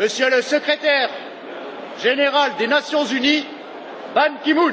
Monsieur le secrétaire général des Nations Unies, Ban Ki-moon.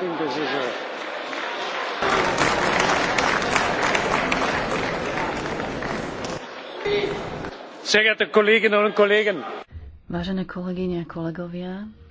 think this is a Vážené kolegyne a kolegovia,